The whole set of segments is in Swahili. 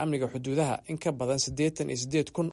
amniga xuduudaha in ka badan sideetan iyo sideed kun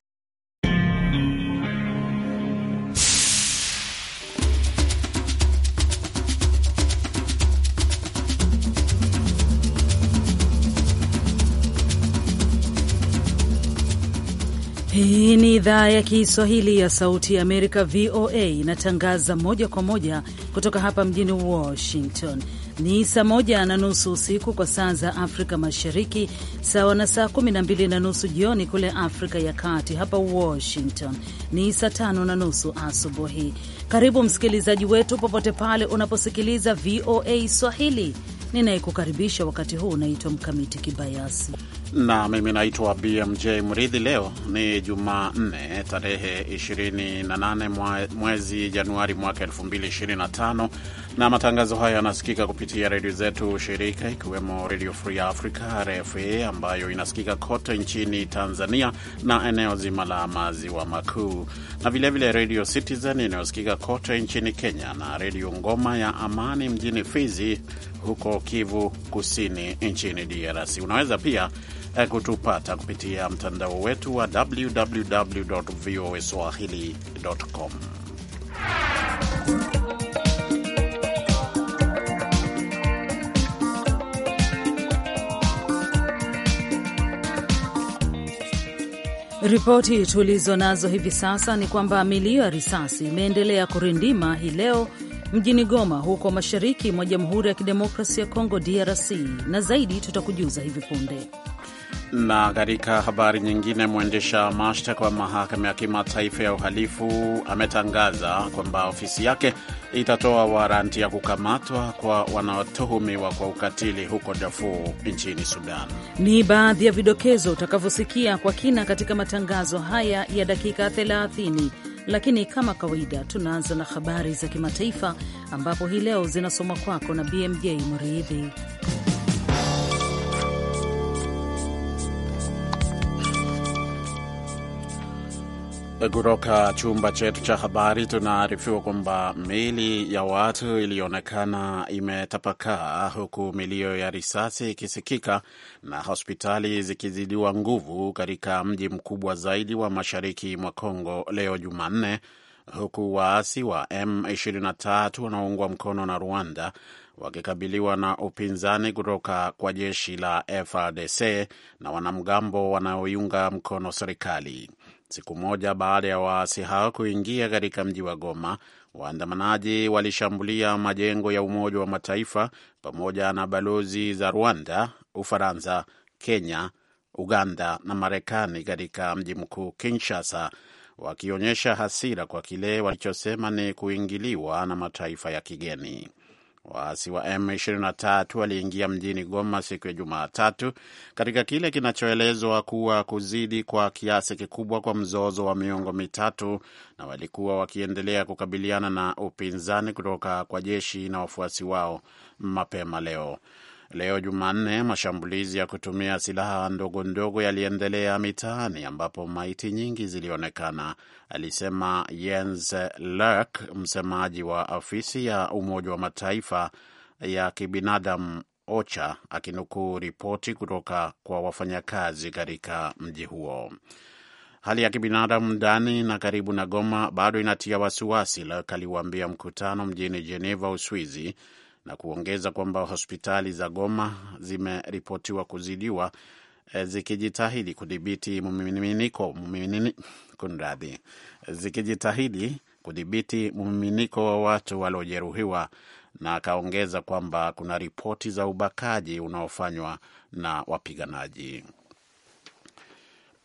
Hii ni idhaa ya Kiswahili ya Sauti ya Amerika, VOA, inatangaza moja kwa moja kutoka hapa mjini Washington. Ni saa moja na nusu usiku kwa saa za Afrika Mashariki, sawa na saa kumi na mbili na nusu jioni kule Afrika ya Kati. Hapa Washington ni saa tano na nusu asubuhi. Karibu msikilizaji wetu popote pale unaposikiliza VOA Swahili. Ninayekukaribisha wakati huu unaitwa Mkamiti Kibayasi na mimi naitwa BMJ Mridhi. Leo ni Jumanne, tarehe 28 mwezi Januari mwaka 2025, na matangazo haya yanasikika kupitia redio zetu shirika, ikiwemo Redio Free Africa RFA, ambayo inasikika kote nchini Tanzania na eneo zima la maziwa makuu, na vilevile Redio Citizen inayosikika kote nchini Kenya na Redio Ngoma ya Amani mjini Fizi, huko Kivu Kusini nchini DRC. Unaweza pia Eh, kutupata kupitia mtandao wetu wa www voa swahili.com. Ripoti tulizo nazo hivi sasa ni kwamba milio ya risasi imeendelea kurindima hii leo mjini Goma huko mashariki mwa Jamhuri ya Kidemokrasia ya Kongo DRC, na zaidi tutakujuza hivi punde. Na katika habari nyingine, mwendesha mashtaka wa mahakama ya kimataifa ya uhalifu ametangaza kwamba ofisi yake itatoa waranti ya kukamatwa kwa wanaotuhumiwa kwa ukatili huko Darfur nchini Sudan. Ni baadhi ya vidokezo utakavyosikia kwa kina katika matangazo haya ya dakika 30. Lakini kama kawaida, tunaanza na habari za kimataifa ambapo hii leo zinasomwa kwako na BMJ mridhi Kutoka chumba chetu cha habari tunaarifiwa kwamba miili ya watu iliyoonekana imetapakaa huku milio ya risasi ikisikika na hospitali zikizidiwa nguvu katika mji mkubwa zaidi wa mashariki mwa Kongo leo Jumanne, huku waasi wa M23 wanaoungwa mkono na Rwanda wakikabiliwa na upinzani kutoka kwa jeshi la FRDC na wanamgambo wanaoiunga mkono serikali. Siku moja baada ya waasi hao kuingia katika mji wa Goma, waandamanaji walishambulia majengo ya Umoja wa Mataifa pamoja na balozi za Rwanda, Ufaransa, Kenya, Uganda na Marekani katika mji mkuu Kinshasa, wakionyesha hasira kwa kile walichosema ni kuingiliwa na mataifa ya kigeni. Waasi wa M23 waliingia mjini Goma siku ya Jumatatu katika kile kinachoelezwa kuwa kuzidi kwa kiasi kikubwa kwa mzozo wa miongo mitatu, na walikuwa wakiendelea kukabiliana na upinzani kutoka kwa jeshi na wafuasi wao mapema leo. Leo Jumanne, mashambulizi ya kutumia silaha ndogo ndogo yaliendelea mitaani ambapo maiti nyingi zilionekana, alisema Jens Lerk, msemaji wa ofisi ya Umoja wa Mataifa ya kibinadamu OCHA, akinukuu ripoti kutoka kwa wafanyakazi katika mji huo. Hali ya kibinadamu ndani na karibu na Goma bado inatia wasiwasi, Laerke aliwaambia mkutano mjini Geneva, Uswizi, na kuongeza kwamba hospitali za Goma zimeripotiwa kuzidiwa eh, zikijitahidi kudhibiti mmiminiko kunradhi, zikijitahidi kudhibiti mmiminiko wa watu waliojeruhiwa, na akaongeza kwamba kuna ripoti za ubakaji unaofanywa na wapiganaji.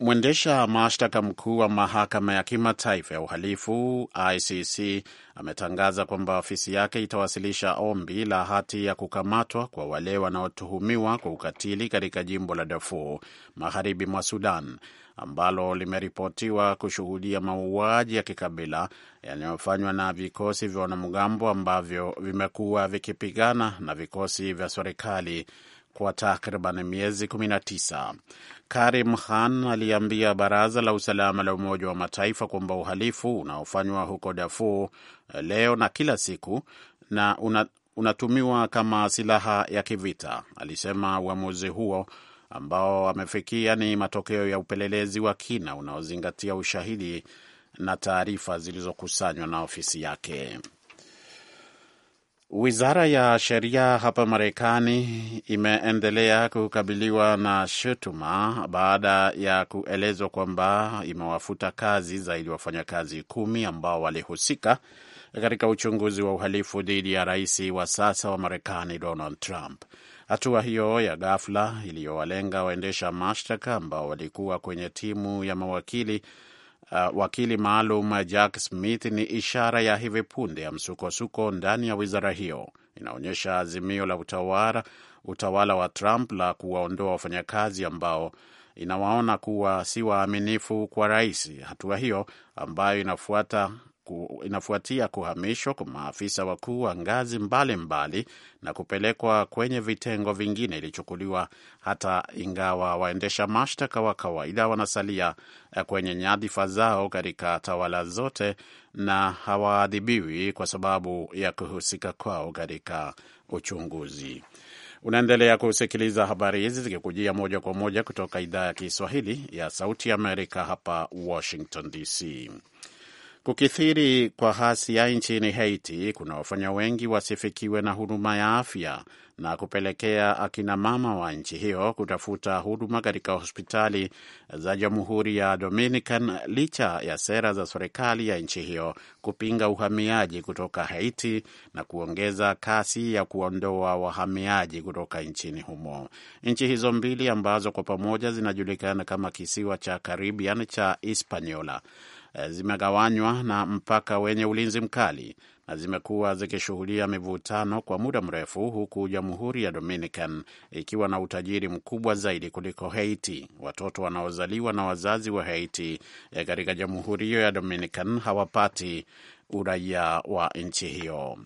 Mwendesha mashtaka mkuu wa mahakama ya kimataifa ya uhalifu ICC ametangaza kwamba ofisi yake itawasilisha ombi la hati ya kukamatwa kwa wale wanaotuhumiwa kwa ukatili katika jimbo la Darfur magharibi mwa Sudan ambalo limeripotiwa kushuhudia mauaji ya kikabila yanayofanywa na vikosi vya wanamgambo ambavyo vimekuwa vikipigana na vikosi vya serikali kwa takriban miezi 19. Karim Khan aliambia baraza la usalama la Umoja wa Mataifa kwamba uhalifu unaofanywa huko Darfur eh, leo na kila siku na una, unatumiwa kama silaha ya kivita. Alisema uamuzi huo ambao amefikia ni matokeo ya upelelezi wa kina unaozingatia ushahidi na taarifa zilizokusanywa na ofisi yake. Wizara ya sheria hapa Marekani imeendelea kukabiliwa na shutuma baada ya kuelezwa kwamba imewafuta kazi zaidi wafanyakazi kumi ambao walihusika katika uchunguzi wa uhalifu dhidi ya rais wa sasa wa Marekani Donald Trump. Hatua hiyo ya ghafla iliyowalenga waendesha mashtaka ambao walikuwa kwenye timu ya mawakili uh, wakili maalum uh, Jack Smith ni ishara ya hivi punde ya msukosuko ndani ya wizara hiyo. Inaonyesha azimio la utawala, utawala wa Trump la kuwaondoa wafanyakazi ambao inawaona kuwa si waaminifu kwa rais. Hatua hiyo ambayo inafuata ku, inafuatia kuhamishwa kwa maafisa wakuu wa ngazi mbalimbali mbali na kupelekwa kwenye vitengo vingine ilichukuliwa, hata ingawa waendesha mashtaka wa kawaida wanasalia eh, kwenye nyadhifa zao katika tawala zote na hawaadhibiwi kwa sababu ya kuhusika kwao katika uchunguzi. Unaendelea kusikiliza habari hizi zikikujia moja kwa moja kutoka idhaa ya Kiswahili ya Sauti ya Amerika hapa Washington DC. Kukithiri kwa ghasia nchini Haiti kuna wafanya wengi wasifikiwe na huduma ya afya na kupelekea akina mama wa nchi hiyo kutafuta huduma katika hospitali za Jamhuri ya Dominican licha ya sera za serikali ya nchi hiyo kupinga uhamiaji kutoka Haiti na kuongeza kasi ya kuondoa wahamiaji kutoka nchini humo. Nchi hizo mbili ambazo kwa pamoja zinajulikana kama kisiwa cha Caribbean cha Hispaniola Eh, zimegawanywa na mpaka wenye ulinzi mkali na zimekuwa zikishuhudia mivutano kwa muda mrefu, huku Jamhuri ya Dominican ikiwa na utajiri mkubwa zaidi kuliko Haiti. Watoto wanaozaliwa na wazazi wa Haiti eh, katika Jamhuri hiyo ya Dominican hawapati uraia wa nchi hiyo.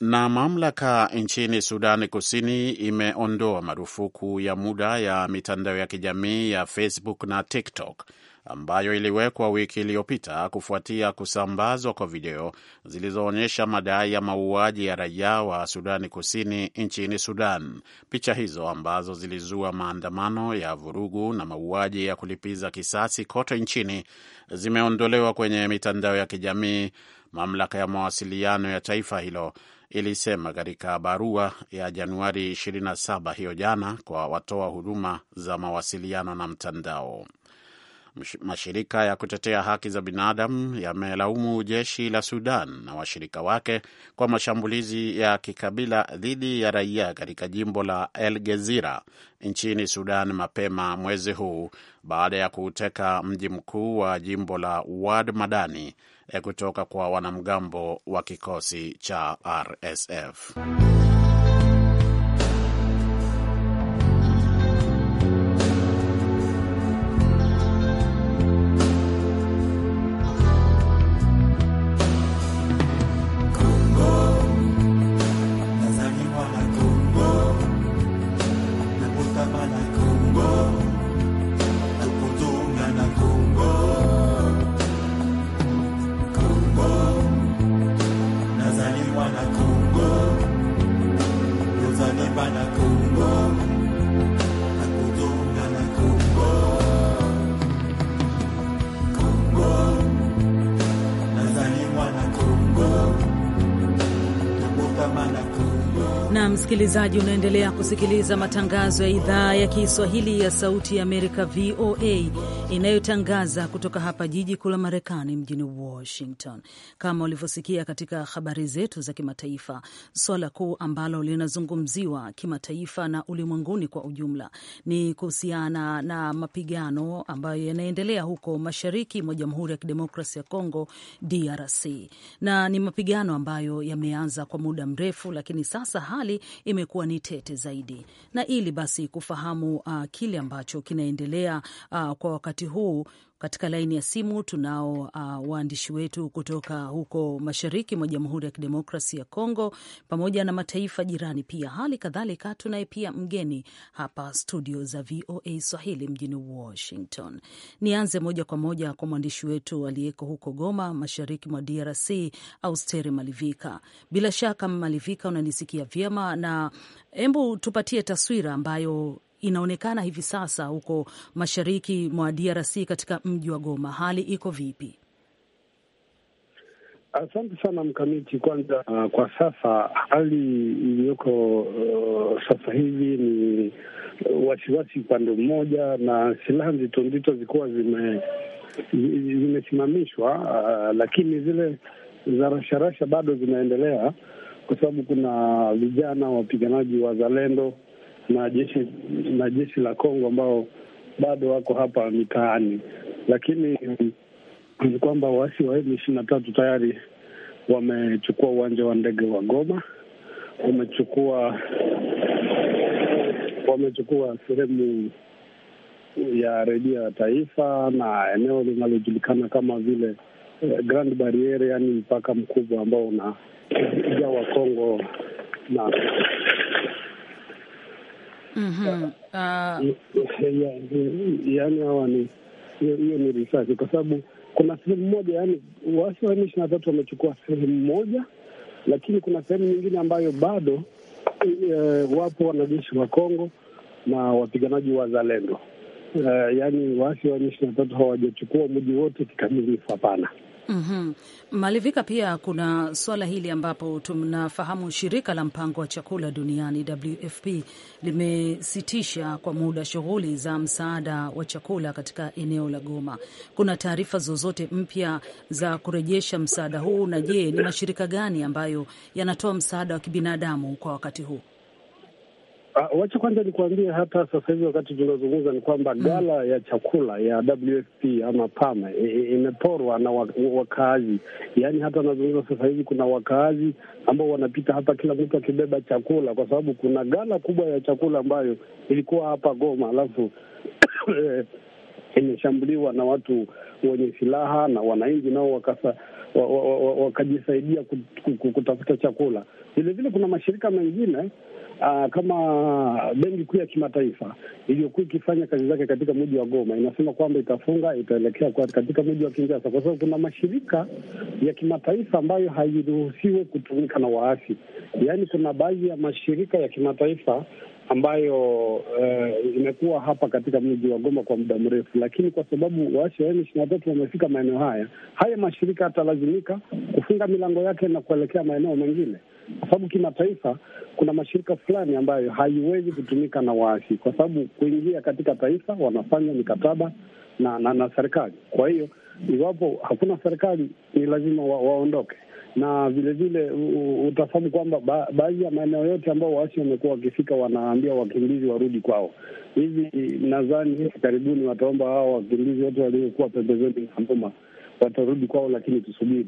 Na mamlaka nchini Sudani Kusini imeondoa marufuku ya muda ya mitandao ya kijamii ya Facebook na TikTok ambayo iliwekwa wiki iliyopita kufuatia kusambazwa kwa video zilizoonyesha madai ya mauaji ya raia wa Sudani Kusini nchini Sudan. Picha hizo ambazo zilizua maandamano ya vurugu na mauaji ya kulipiza kisasi kote nchini zimeondolewa kwenye mitandao ya kijamii, mamlaka ya mawasiliano ya taifa hilo ilisema katika barua ya Januari 27 hiyo jana kwa watoa huduma za mawasiliano na mtandao. Mashirika ya kutetea haki za binadamu yamelaumu jeshi la Sudan na washirika wake kwa mashambulizi ya kikabila dhidi ya raia katika jimbo la El Gezira nchini Sudan mapema mwezi huu baada ya kuuteka mji mkuu wa jimbo la Wad Madani eh, kutoka kwa wanamgambo wa kikosi cha RSF. msikilizaji, unaendelea kusikiliza matangazo ya idhaa ya Kiswahili ya Sauti ya Amerika, VOA, inayotangaza kutoka hapa jiji kuu la Marekani, mjini Washington. Kama ulivyosikia katika habari zetu za kimataifa, swala kuu ambalo linazungumziwa kimataifa na ulimwenguni kwa ujumla ni kuhusiana na mapigano ambayo yanaendelea huko mashariki mwa Jamhuri ya Kidemokrasi ya Kongo, DRC, na ni mapigano ambayo yameanza kwa muda mrefu, lakini sasa hali imekuwa ni tete zaidi. Na ili basi kufahamu uh, kile ambacho kinaendelea uh, kwa wakati wakati huu katika laini ya simu tunao uh, waandishi wetu kutoka huko mashariki mwa Jamhuri ya Kidemokrasi ya Kongo pamoja na mataifa jirani pia. Hali kadhalika tunaye pia mgeni hapa studio za VOA Swahili mjini Washington. Nianze moja kwa moja kwa mwandishi wetu aliyeko huko Goma, mashariki mwa DRC, Austeri Malivika. Bila shaka Malivika, unanisikia vyema, na hebu tupatie taswira ambayo inaonekana hivi sasa huko mashariki mwa DRC katika mji wa Goma, hali iko vipi? Asante sana mkamiti. Kwanza uh, kwa sasa hali iliyoko uh, sasa hivi ni wasiwasi upande mmoja, na silaha nzito nzito zilikuwa zime zimesimamishwa, uh, lakini zile za rasharasha bado zinaendelea, kwa sababu kuna vijana wapiganaji wa zalendo na jeshi na jeshi la Kongo ambao bado wako hapa mitaani, lakini ni kwamba waasi wa M ishirini na tatu tayari wamechukua uwanja wa ndege wa Goma, wamechukua wamechukua sehemu ya redio ya taifa na eneo linalojulikana kama vile eh, Grand Barrier, yaani mpaka mkubwa ambao wa Kongo na yani mm-hmm. uh, yaani hawa ni hiyo ni risasi, kwa sababu kuna sehemu moja yani waasi wa M ishirini na tatu wamechukua sehemu moja, lakini kuna sehemu nyingine ambayo bado e, wapo wanajeshi wa Kongo na wapiganaji wa Zalendo. Uh, yaani waasi wa M ishirini na tatu hawajachukua mji wote kikamilifu, hapana. Mm -hmm. Malivika, pia kuna suala hili ambapo tunafahamu shirika la mpango wa chakula duniani WFP limesitisha kwa muda shughuli za msaada wa chakula katika eneo la Goma. Kuna taarifa zozote mpya za kurejesha msaada huu, na je, ni mashirika gani ambayo yanatoa msaada wa kibinadamu kwa wakati huu? Ah, wacha kwanza nikuambie hata sasa hivi wakati tunazungumza ni kwamba mm, gala ya chakula ya WFP ama pame imeporwa na wakaazi, yaani hata nazungumza sasa hivi kuna wakaazi ambao wanapita hapa, kila mtu akibeba chakula, kwa sababu kuna gala kubwa ya chakula ambayo ilikuwa hapa Goma alafu imeshambuliwa na watu wenye silaha na wananchi nao wakasa wakajisaidia wa, wa, wa, wa kutafuta chakula. Vilevile kuna mashirika mengine Aa, ah, kama Benki Kuu ya Kimataifa iliyokuwa ikifanya kazi zake katika mji wa Goma inasema kwamba itafunga, itaelekea kwa katika mji wa Kinshasa, kwa sababu kuna mashirika ya kimataifa ambayo hairuhusiwe kutumika na waasi. Yaani kuna baadhi ya mashirika ya kimataifa ambayo uh, imekuwa hapa katika mji wa Goma kwa muda mrefu, lakini kwa sababu waasi wa m tatu wamefika maeneo haya, haya mashirika yatalazimika kufunga milango yake na kuelekea maeneo mengine, kwa sababu kimataifa kuna mashirika fulani ambayo haiwezi kutumika na waasi, kwa sababu kuingia katika taifa wanafanya mikataba na, na, na serikali. Kwa hiyo iwapo hakuna serikali, ni lazima wa, waondoke na vilevile utafahamu kwamba baadhi ya maeneo yote ambao waasi wamekuwa wakifika wanaambia wakimbizi warudi kwao. Hivi nadhani hivi karibuni wataomba hao wakimbizi wote waliokuwa pembezoni na Goma watarudi kwao, lakini tusubiri.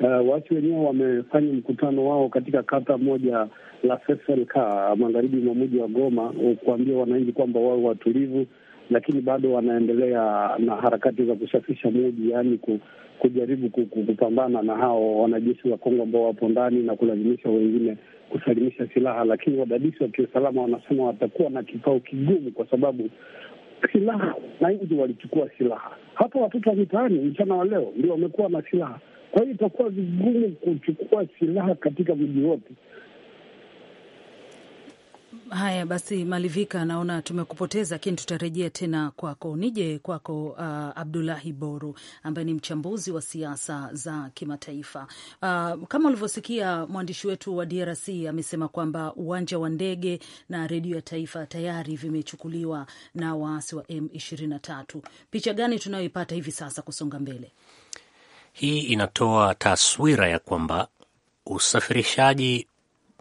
Uh, waasi wenyewe wamefanya mkutano wao katika kata moja la Seselka magharibi mwa mji wa Goma kuambia wananchi kwamba wawe watulivu lakini bado wanaendelea na harakati za kusafisha muji, yaani kujaribu kupambana na hao wanajeshi wa Kongo ambao wapo ndani na kulazimisha wengine kusalimisha silaha. Lakini wadadisi wa kiusalama wanasema watakuwa na kikao kigumu kwa sababu silaha nji walichukua silaha, hapa watoto wa mitaani mchana wa leo ndio wamekuwa na silaha. Kwa hiyo itakuwa vigumu kuchukua silaha katika mji wote, Haya basi, Malivika, naona tumekupoteza, lakini tutarejea tena kwako. Nije kwako, uh, Abdulahi Boru ambaye ni mchambuzi wa siasa za kimataifa. Uh, kama ulivyosikia mwandishi wetu wa DRC amesema kwamba uwanja wa ndege na redio ya taifa tayari vimechukuliwa na waasi wa M23. Picha gani tunayoipata hivi sasa kusonga mbele? Hii inatoa taswira ya kwamba usafirishaji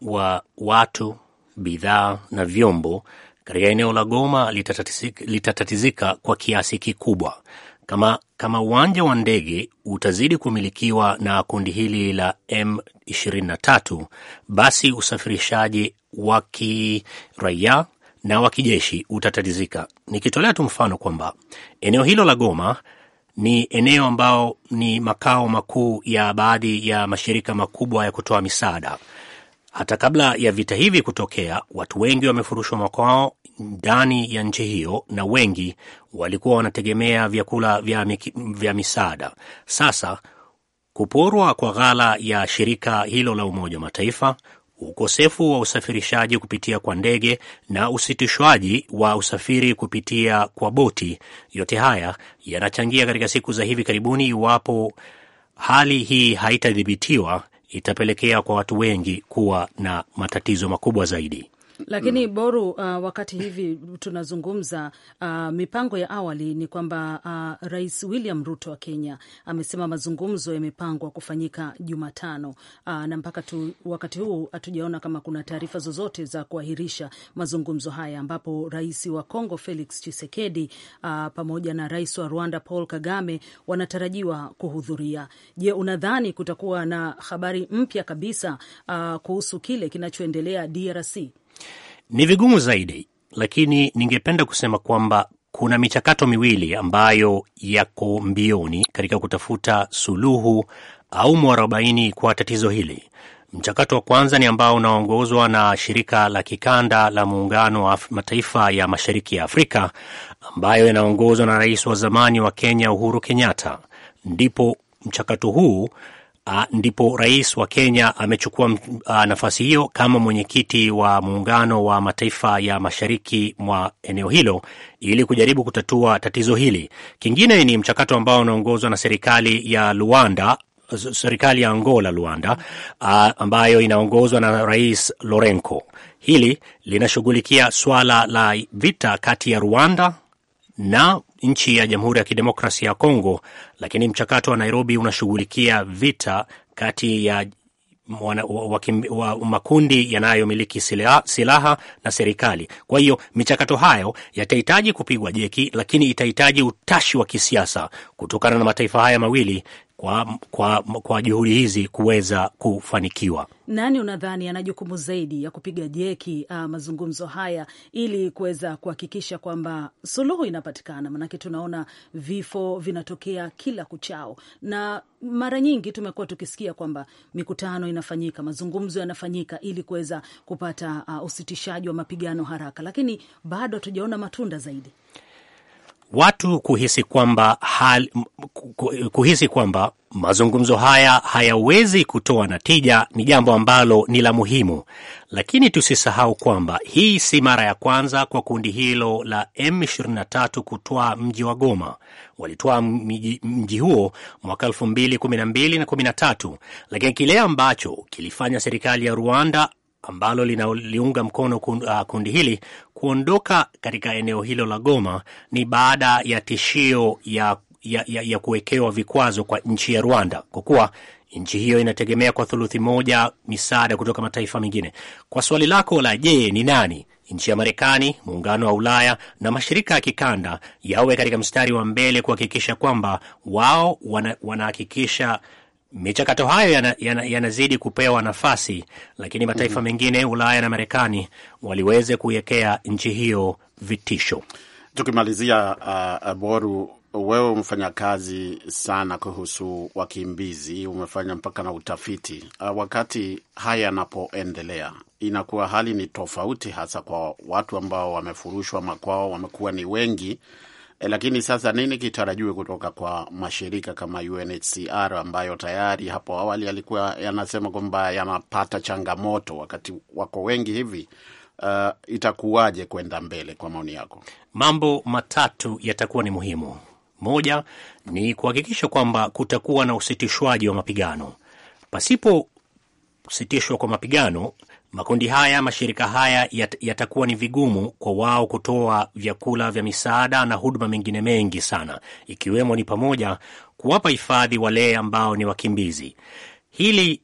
wa watu bidhaa na vyombo katika eneo la Goma litatatizika, litatatizika kwa kiasi kikubwa kama kama uwanja wa ndege utazidi kumilikiwa na kundi hili la M23, basi usafirishaji wa kiraia na wa kijeshi utatatizika. Nikitolea tu mfano kwamba eneo hilo la Goma ni eneo ambao ni makao makuu ya baadhi ya mashirika makubwa ya kutoa misaada. Hata kabla ya vita hivi kutokea, watu wengi wamefurushwa makwao ndani ya nchi hiyo na wengi walikuwa wanategemea vyakula vya, vya misaada. Sasa kuporwa kwa ghala ya shirika hilo la Umoja wa Mataifa, ukosefu wa usafirishaji kupitia kwa ndege na usitishwaji wa usafiri kupitia kwa boti, yote haya yanachangia katika siku za hivi karibuni, iwapo hali hii haitadhibitiwa itapelekea kwa watu wengi kuwa na matatizo makubwa zaidi. Lakini mm. Boru, uh, wakati hivi tunazungumza, uh, mipango ya awali ni kwamba uh, Rais William Ruto wa Kenya amesema mazungumzo yamepangwa kufanyika Jumatano, uh, na mpaka tu wakati huu hatujaona kama kuna taarifa zozote za kuahirisha mazungumzo haya, ambapo rais wa Kongo Felix Tshisekedi uh, pamoja na rais wa Rwanda Paul Kagame wanatarajiwa kuhudhuria. Je, unadhani kutakuwa na habari mpya kabisa uh, kuhusu kile kinachoendelea DRC? Ni vigumu zaidi, lakini ningependa kusema kwamba kuna michakato miwili ambayo yako mbioni katika kutafuta suluhu au mwarobaini kwa tatizo hili. Mchakato wa kwanza ni ambao unaongozwa na shirika la kikanda la muungano wa mataifa ya mashariki ya Afrika ambayo yanaongozwa na rais wa zamani wa Kenya Uhuru Kenyatta. Ndipo mchakato huu a, ah, ndipo rais wa Kenya amechukua ah, nafasi hiyo kama mwenyekiti wa muungano wa mataifa ya mashariki mwa eneo hilo ili kujaribu kutatua tatizo hili. Kingine ni mchakato ambao unaongozwa na serikali ya Luanda serikali ya Angola Luanda, uh, ambayo inaongozwa na Rais Lorenco. Hili linashughulikia swala la vita kati ya Rwanda na nchi ya Jamhuri ya Kidemokrasia ya Kongo, lakini mchakato wa Nairobi unashughulikia vita kati ya Mwana, wakim, wa, makundi yanayomiliki silaha, silaha na serikali. Kwa hiyo michakato hayo yatahitaji kupigwa jeki, lakini itahitaji utashi wa kisiasa kutokana na mataifa haya mawili kwa, kwa, kwa juhudi hizi kuweza kufanikiwa. Nani unadhani ana jukumu zaidi ya kupiga jeki uh, mazungumzo haya ili kuweza kuhakikisha kwamba suluhu inapatikana? Maanake tunaona vifo vinatokea kila kuchao, na mara nyingi tumekuwa tukisikia kwamba mikutano inafanyika, mazungumzo yanafanyika ili kuweza kupata uh, usitishaji wa mapigano haraka, lakini bado hatujaona matunda zaidi watu kuhisi kwamba hal, kuhisi kwamba mazungumzo haya hayawezi kutoa natija ni jambo ambalo ni la muhimu, lakini tusisahau kwamba hii si mara ya kwanza kwa kundi hilo la M23 kutwaa mji wa Goma. walitoa mji, mji huo mwaka 2012 na 13, lakini kile ambacho kilifanya serikali ya Rwanda ambalo linaliunga mkono uh, kundi hili Kuondoka katika eneo hilo la Goma ni baada ya tishio ya, ya, ya, ya kuwekewa vikwazo kwa nchi ya Rwanda kwa kuwa nchi hiyo inategemea kwa thuluthi moja misaada kutoka mataifa mengine. Kwa swali lako la je, ni nani nchi ya Marekani, muungano wa Ulaya na mashirika ya kikanda yawe katika mstari wa mbele kuhakikisha kwamba wao wanahakikisha wana michakato hayo yanazidi yana, yana kupewa nafasi, lakini mataifa mhm. mengine mm -hmm. Ulaya na Marekani waliweze kuiwekea nchi hiyo vitisho. Tukimalizia uh, Boru, wewe umefanya kazi sana kuhusu wakimbizi, umefanya mpaka na utafiti uh, wakati haya yanapoendelea inakuwa hali ni tofauti, hasa kwa watu ambao wamefurushwa makwao, wamekuwa ni wengi E, lakini sasa nini kitarajiwe kutoka kwa mashirika kama UNHCR ambayo tayari hapo awali yalikuwa yanasema kwamba yanapata changamoto wakati wako wengi hivi? Uh, itakuwaje kwenda mbele kwa maoni yako? Mambo matatu yatakuwa ni muhimu. Moja ni kuhakikisha kwamba kutakuwa na usitishwaji wa mapigano. Pasipo kusitishwa kwa mapigano, Makundi haya, mashirika haya yat, yatakuwa ni vigumu kwa wao kutoa vyakula vya misaada na huduma mengine mengi sana, ikiwemo ni pamoja kuwapa hifadhi wale ambao ni wakimbizi. Hili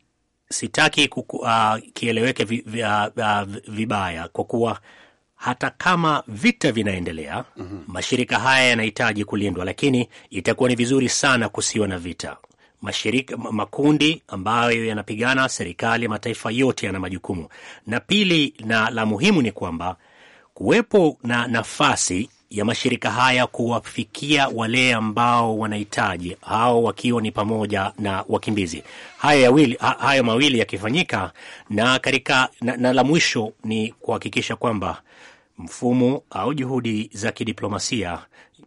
sitaki kuku, uh, kieleweke vi, uh, uh, vibaya kwa kuwa hata kama vita vinaendelea, mm -hmm. mashirika haya yanahitaji kulindwa, lakini itakuwa ni vizuri sana kusiwa na vita mashirika, makundi ambayo yanapigana serikali ya mataifa yote yana majukumu. Na pili na la muhimu ni kwamba kuwepo na nafasi ya mashirika haya kuwafikia wale ambao wanahitaji, hao wakiwa ni pamoja na wakimbizi. Hayo yawili, hayo mawili yakifanyika, na katika na, na la mwisho ni kuhakikisha kwamba mfumo au juhudi za kidiplomasia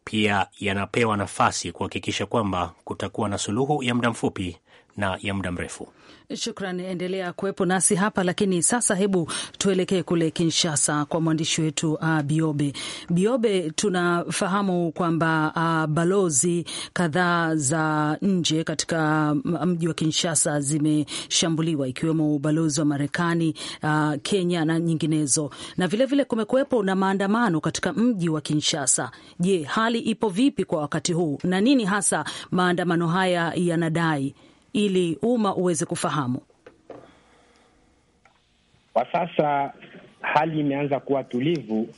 pia yanapewa nafasi kuhakikisha kwamba kutakuwa na suluhu ya muda mfupi na ya muda mrefu. Shukran, endelea kuwepo nasi hapa lakini sasa, hebu tuelekee kule Kinshasa kwa mwandishi wetu uh, Biobe Biobe. Tunafahamu kwamba uh, balozi kadhaa za nje katika mji wa Kinshasa zimeshambuliwa ikiwemo ubalozi wa Marekani, uh, Kenya na nyinginezo, na vilevile kumekuwepo na maandamano katika mji wa Kinshasa. Je, hali ipo vipi kwa wakati huu na nini hasa maandamano haya yanadai? ili umma uweze kufahamu? Kwa sasa hali imeanza kuwa tulivu,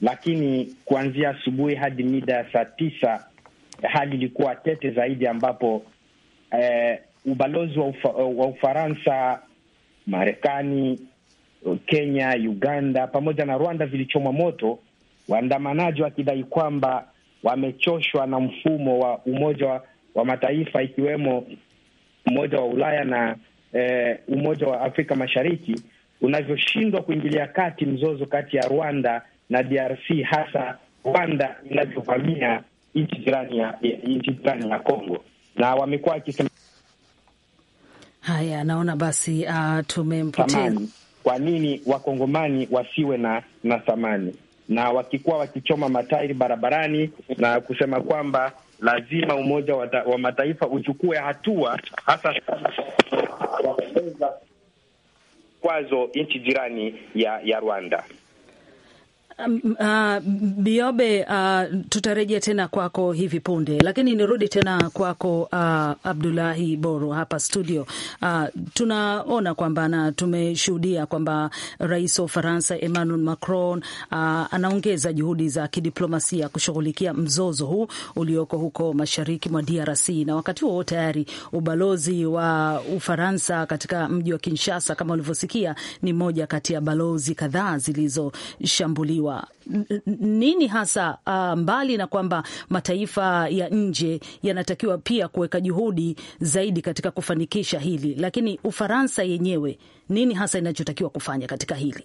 lakini kuanzia asubuhi hadi mida ya saa tisa hali ilikuwa tete zaidi, ambapo eh, ubalozi wa, ufa, wa Ufaransa, Marekani, Kenya, Uganda pamoja na Rwanda vilichomwa moto, waandamanaji wakidai kwamba wamechoshwa na mfumo wa Umoja wa, wa Mataifa ikiwemo Umoja wa Ulaya na eh, Umoja wa Afrika Mashariki unavyoshindwa kuingilia kati mzozo kati ya Rwanda na DRC, hasa Rwanda inavyovamia nchi jirani ya nchi jirani ya Kongo, na wamekuwa wakisema haya. Naona basi uh, ah, tumempoteza. Kwa nini wakongomani wasiwe na na thamani na wakikuwa wakichoma matairi barabarani na kusema kwamba lazima Umoja wa, wa Mataifa uchukue hatua hasa kwazo nchi jirani ya, ya Rwanda. Um, uh, Biobe, uh, tutarejea tena kwako hivi punde, lakini nirudi tena kwako uh, Abdulahi Boru hapa studio. Uh, tunaona kwamba na tumeshuhudia kwamba rais wa Ufaransa Emmanuel Macron uh, anaongeza juhudi za kidiplomasia kushughulikia mzozo huu ulioko huko mashariki mwa DRC, na wakati huo tayari ubalozi wa Ufaransa katika mji wa Kinshasa, kama ulivyosikia, ni moja kati ya balozi kadhaa zilizoshambuliwa kuzuiwa nini hasa uh, mbali na kwamba mataifa ya nje yanatakiwa pia kuweka juhudi zaidi katika kufanikisha hili, lakini Ufaransa yenyewe nini hasa inachotakiwa kufanya katika hili?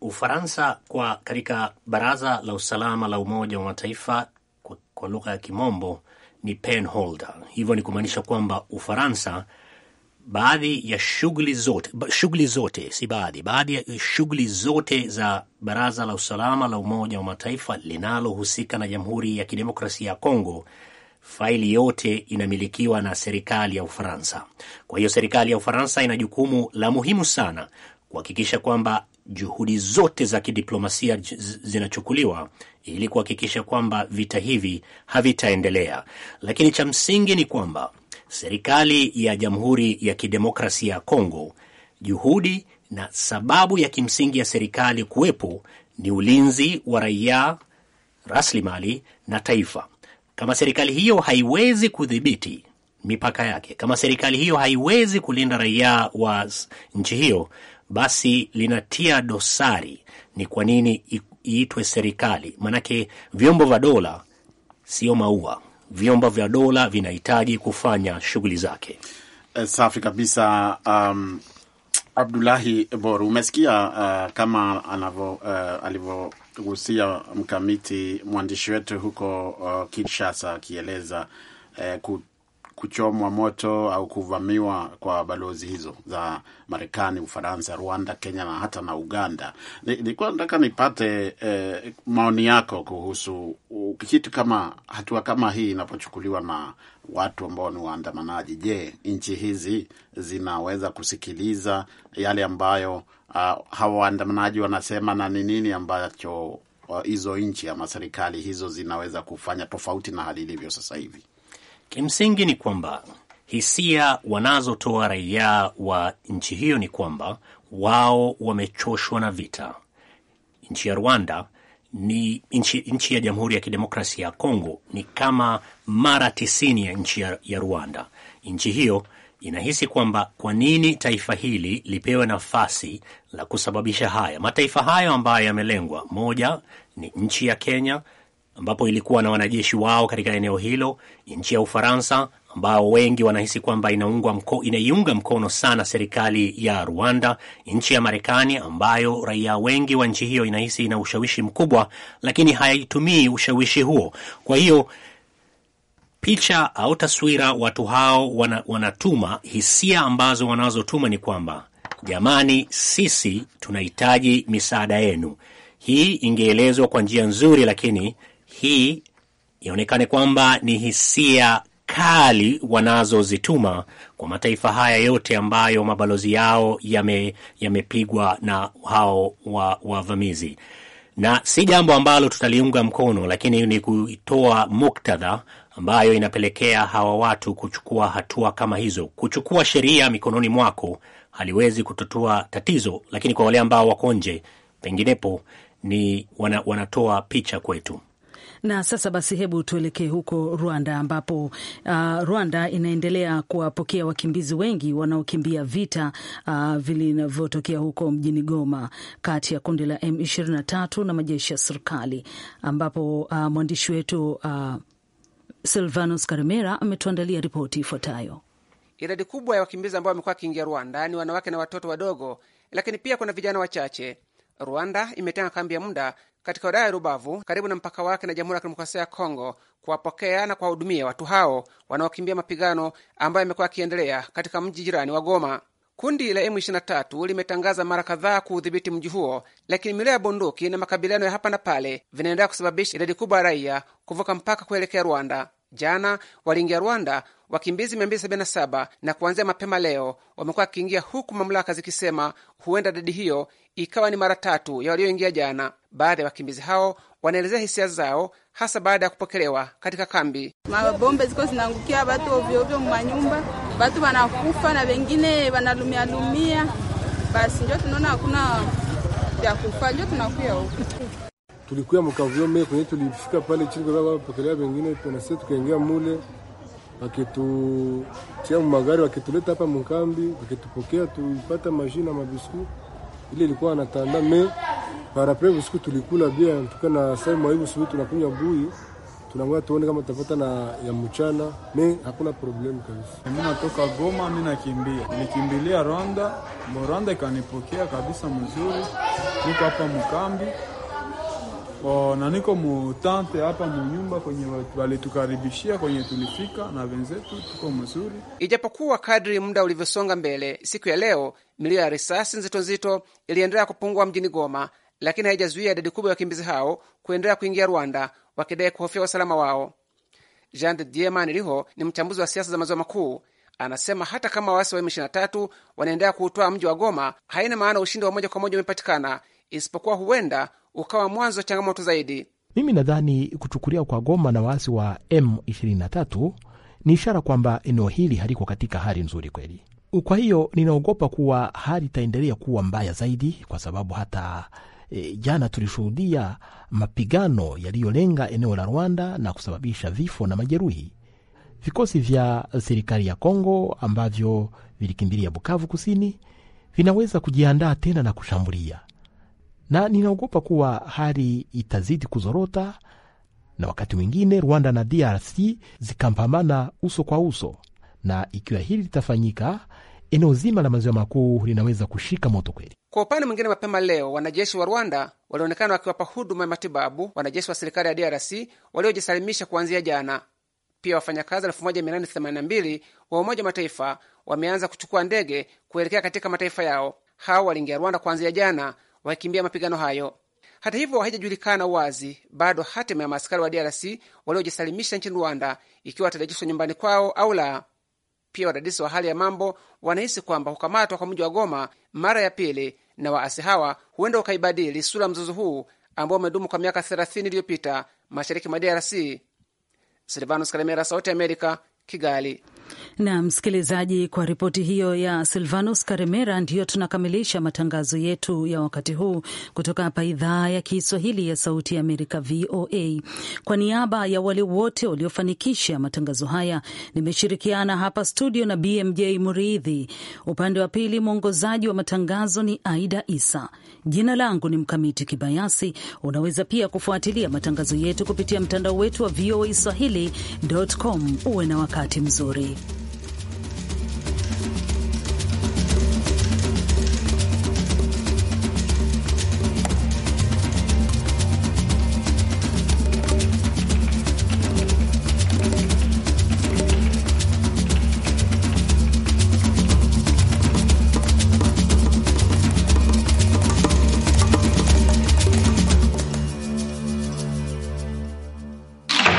Ufaransa kwa katika Baraza la Usalama la Umoja wa Mataifa kwa, kwa lugha ya Kimombo ni penholder. Hivyo ni kumaanisha kwamba Ufaransa baadhi ya shughuli zote, shughuli zote si baadhi, baadhi ya shughuli zote za Baraza la Usalama la Umoja wa Mataifa linalohusika na Jamhuri ya Kidemokrasia ya Kongo, faili yote inamilikiwa na serikali ya Ufaransa. Kwa hiyo serikali ya Ufaransa ina jukumu la muhimu sana kuhakikisha kwamba juhudi zote za kidiplomasia zinachukuliwa ili kuhakikisha kwamba vita hivi havitaendelea, lakini cha msingi ni kwamba serikali ya Jamhuri ya Kidemokrasia ya Kongo, juhudi na sababu ya kimsingi ya serikali kuwepo ni ulinzi wa raia, rasilimali na taifa. Kama serikali hiyo haiwezi kudhibiti mipaka yake, kama serikali hiyo haiwezi kulinda raia wa nchi hiyo, basi linatia dosari ni kwa nini iitwe serikali. Maanake vyombo vya dola sio maua vyombo vya dola vinahitaji kufanya shughuli zake. Eh, safi kabisa. Um, Abdulahi bor umesikia uh, kama anavyo uh, alivyogusia mkamiti mwandishi wetu huko uh, Kinshasa akieleza uh, kuchomwa moto au kuvamiwa kwa balozi hizo za Marekani, Ufaransa, Rwanda, Kenya na hata na Uganda. Nilikuwa nataka nipate eh, maoni yako kuhusu kitu kama hatua kama hii inapochukuliwa na watu ambao ni waandamanaji. Je, nchi hizi zinaweza kusikiliza yale ambayo uh, hawa waandamanaji wanasema na ni nini ambacho ah, hizo nchi ama serikali hizo zinaweza kufanya tofauti na hali ilivyo sasa hivi? Kimsingi ni kwamba hisia wanazotoa raia wa nchi hiyo ni kwamba wao wamechoshwa na vita. Nchi ya Rwanda ni nchi, nchi ya Jamhuri ya Kidemokrasia ya Kongo ni kama mara tisini ya nchi ya, ya Rwanda. Nchi hiyo inahisi kwamba kwa nini taifa hili lipewe nafasi la kusababisha haya. Mataifa hayo ambayo yamelengwa, moja ni nchi ya Kenya ambapo ilikuwa na wanajeshi wao katika eneo hilo, nchi ya Ufaransa ambao wengi wanahisi kwamba inaunga mko, inaiunga mkono sana serikali ya Rwanda, nchi ya Marekani ambayo raia wengi wa nchi hiyo inahisi ina ushawishi mkubwa, lakini haitumii ushawishi huo. Kwa hiyo picha au taswira watu hao wana, wanatuma hisia ambazo wanazotuma ni kwamba jamani, sisi tunahitaji misaada yenu. Hii ingeelezwa kwa njia nzuri, lakini hii ionekane kwamba ni hisia kali wanazozituma kwa mataifa haya yote ambayo mabalozi yao yamepigwa yame na hao wavamizi wa na si jambo ambalo tutaliunga mkono, lakini ni kuitoa muktadha ambayo inapelekea hawa watu kuchukua hatua kama hizo. Kuchukua sheria mikononi mwako haliwezi kutatua tatizo, lakini kwa wale ambao wako nje, penginepo ni wana, wanatoa picha kwetu. Na sasa basi, hebu tuelekee huko Rwanda ambapo uh, Rwanda inaendelea kuwapokea wakimbizi wengi wanaokimbia vita uh, vilivyotokea huko mjini Goma kati ya kundi la M23 na majeshi ya serikali ambapo uh, mwandishi wetu uh, Silvanus Karimera ametuandalia ripoti ifuatayo. Idadi kubwa ya wakimbizi ambao wamekuwa wakiingia Rwanda ni wanawake na watoto wadogo, lakini pia kuna vijana wachache. Rwanda imetenga kambi ya muda katika wilaya ya Rubavu karibu na mpaka wake na Jamhuri ya Kidemokrasia ya Kongo kuwapokea na kuwahudumia watu hao wanaokimbia mapigano ambayo yamekuwa yakiendelea katika mji jirani wa Goma. Kundi la M23 limetangaza mara kadhaa kuudhibiti mji huo, lakini milio ya bunduki na makabiliano ya hapa na pale vinaendelea kusababisha idadi kubwa ya raia kuvuka mpaka kuelekea Rwanda. Jana waliingia Rwanda wakimbizi 277 na kuanzia mapema leo wamekuwa wakiingia, huku mamlaka zikisema huenda idadi hiyo ikawa ni mara tatu ya walioingia jana. Baadhi ya wakimbizi hao wanaelezea hisia zao, hasa baada ya kupokelewa katika kambi. Mabombe ziko zinaangukia watu ovyoovyo mumanyumba, watu wanakufa na wengine wanalumialumia. Basi njo tunaona hakuna vya kufa, njo tunakuya huku tulikuwa mkavyo me kwenye tulifika pale chini kwa sababu pokelea wengine, tena sisi tukaingia mule, wakitutia magari, wakituleta hapa mkambi, wakitupokea tuipata mashina mabisku ile ilikuwa anatanda me parapre usiku tulikula bia tuka na sai mwaibu siku tunakunywa bui tunamwa tuone kama tutapata na ya mchana me hakuna problem kabisa. Mimi natoka Goma, mimi nakimbia, nilikimbilia Rwanda, Rwanda ikanipokea kabisa mzuri, niko hapa mkambi na niko mutante hapa munyumba kwenye walitukaribishia kwenye tulifika na wenzetu, tuko mzuri. Ijapokuwa kadri muda ulivyosonga mbele, siku ya leo milio ya risasi nzito nzito iliendelea kupungua mjini Goma, lakini haijazuia idadi kubwa ya wakimbizi hao kuendelea kuingia Rwanda wakidai kuhofia usalama wao. Jean de Dieu Maniriho ni mchambuzi wa siasa za maziwa makuu. Anasema hata kama waasi wa M23 wanaendelea kuutoa mji wa Goma, haina maana ushindi wa moja kwa moja umepatikana, isipokuwa huenda ukawa mwanzo wa changamoto zaidi. Mimi nadhani kuchukulia kwa Goma na waasi wa M23 ni ishara kwamba eneo hili haliko katika hali nzuri kweli. Kwa hiyo ninaogopa kuwa hali itaendelea kuwa mbaya zaidi, kwa sababu hata e, jana tulishuhudia mapigano yaliyolenga eneo la Rwanda na kusababisha vifo na majeruhi. Vikosi vya serikali ya Kongo ambavyo vilikimbilia Bukavu Kusini vinaweza kujiandaa tena na kushambulia na ninaogopa kuwa hali itazidi kuzorota na wakati mwingine Rwanda na DRC zikapambana uso kwa uso, na ikiwa hili litafanyika, eneo zima la maziwa makuu linaweza kushika moto kweli. Kwa upande mwingine, mapema leo wanajeshi wa Rwanda walionekana wakiwapa huduma ya matibabu wanajeshi wa serikali ya DRC waliojisalimisha kuanzia jana. Pia wafanyakazi 1882 wa Umoja wa Mataifa wameanza kuchukua ndege kuelekea katika mataifa yao. Hao waliingia Rwanda kuanzia jana wakikimbia mapigano hayo. Hata hivyo, haijajulikana wazi bado hatima ya maaskari wa DRC waliojisalimisha nchini Rwanda, ikiwa watarejeshwa nyumbani kwao au la. Pia wadadisi wa hali ya mambo wanahisi kwamba kukamatwa kwa mji wa Goma mara ya pili na waasi hawa huenda ukaibadili sura mzozo huu ambao umedumu kwa miaka 30 iliyopita mashariki mwa DRC. Silvanus Kalemera, Sauti ya Amerika, Kigali na msikilizaji, kwa ripoti hiyo ya Silvanus Karemera, ndiyo tunakamilisha matangazo yetu ya wakati huu kutoka hapa idhaa ya Kiswahili ya Sauti ya Amerika, VOA. Kwa niaba ya wale wote waliofanikisha matangazo haya, nimeshirikiana hapa studio na BMJ Muridhi, upande wa pili mwongozaji wa matangazo ni Aida Isa. Jina langu ni Mkamiti Kibayasi. Unaweza pia kufuatilia matangazo yetu kupitia mtandao wetu wa VOA swahili.com. Uwe na wakati mzuri.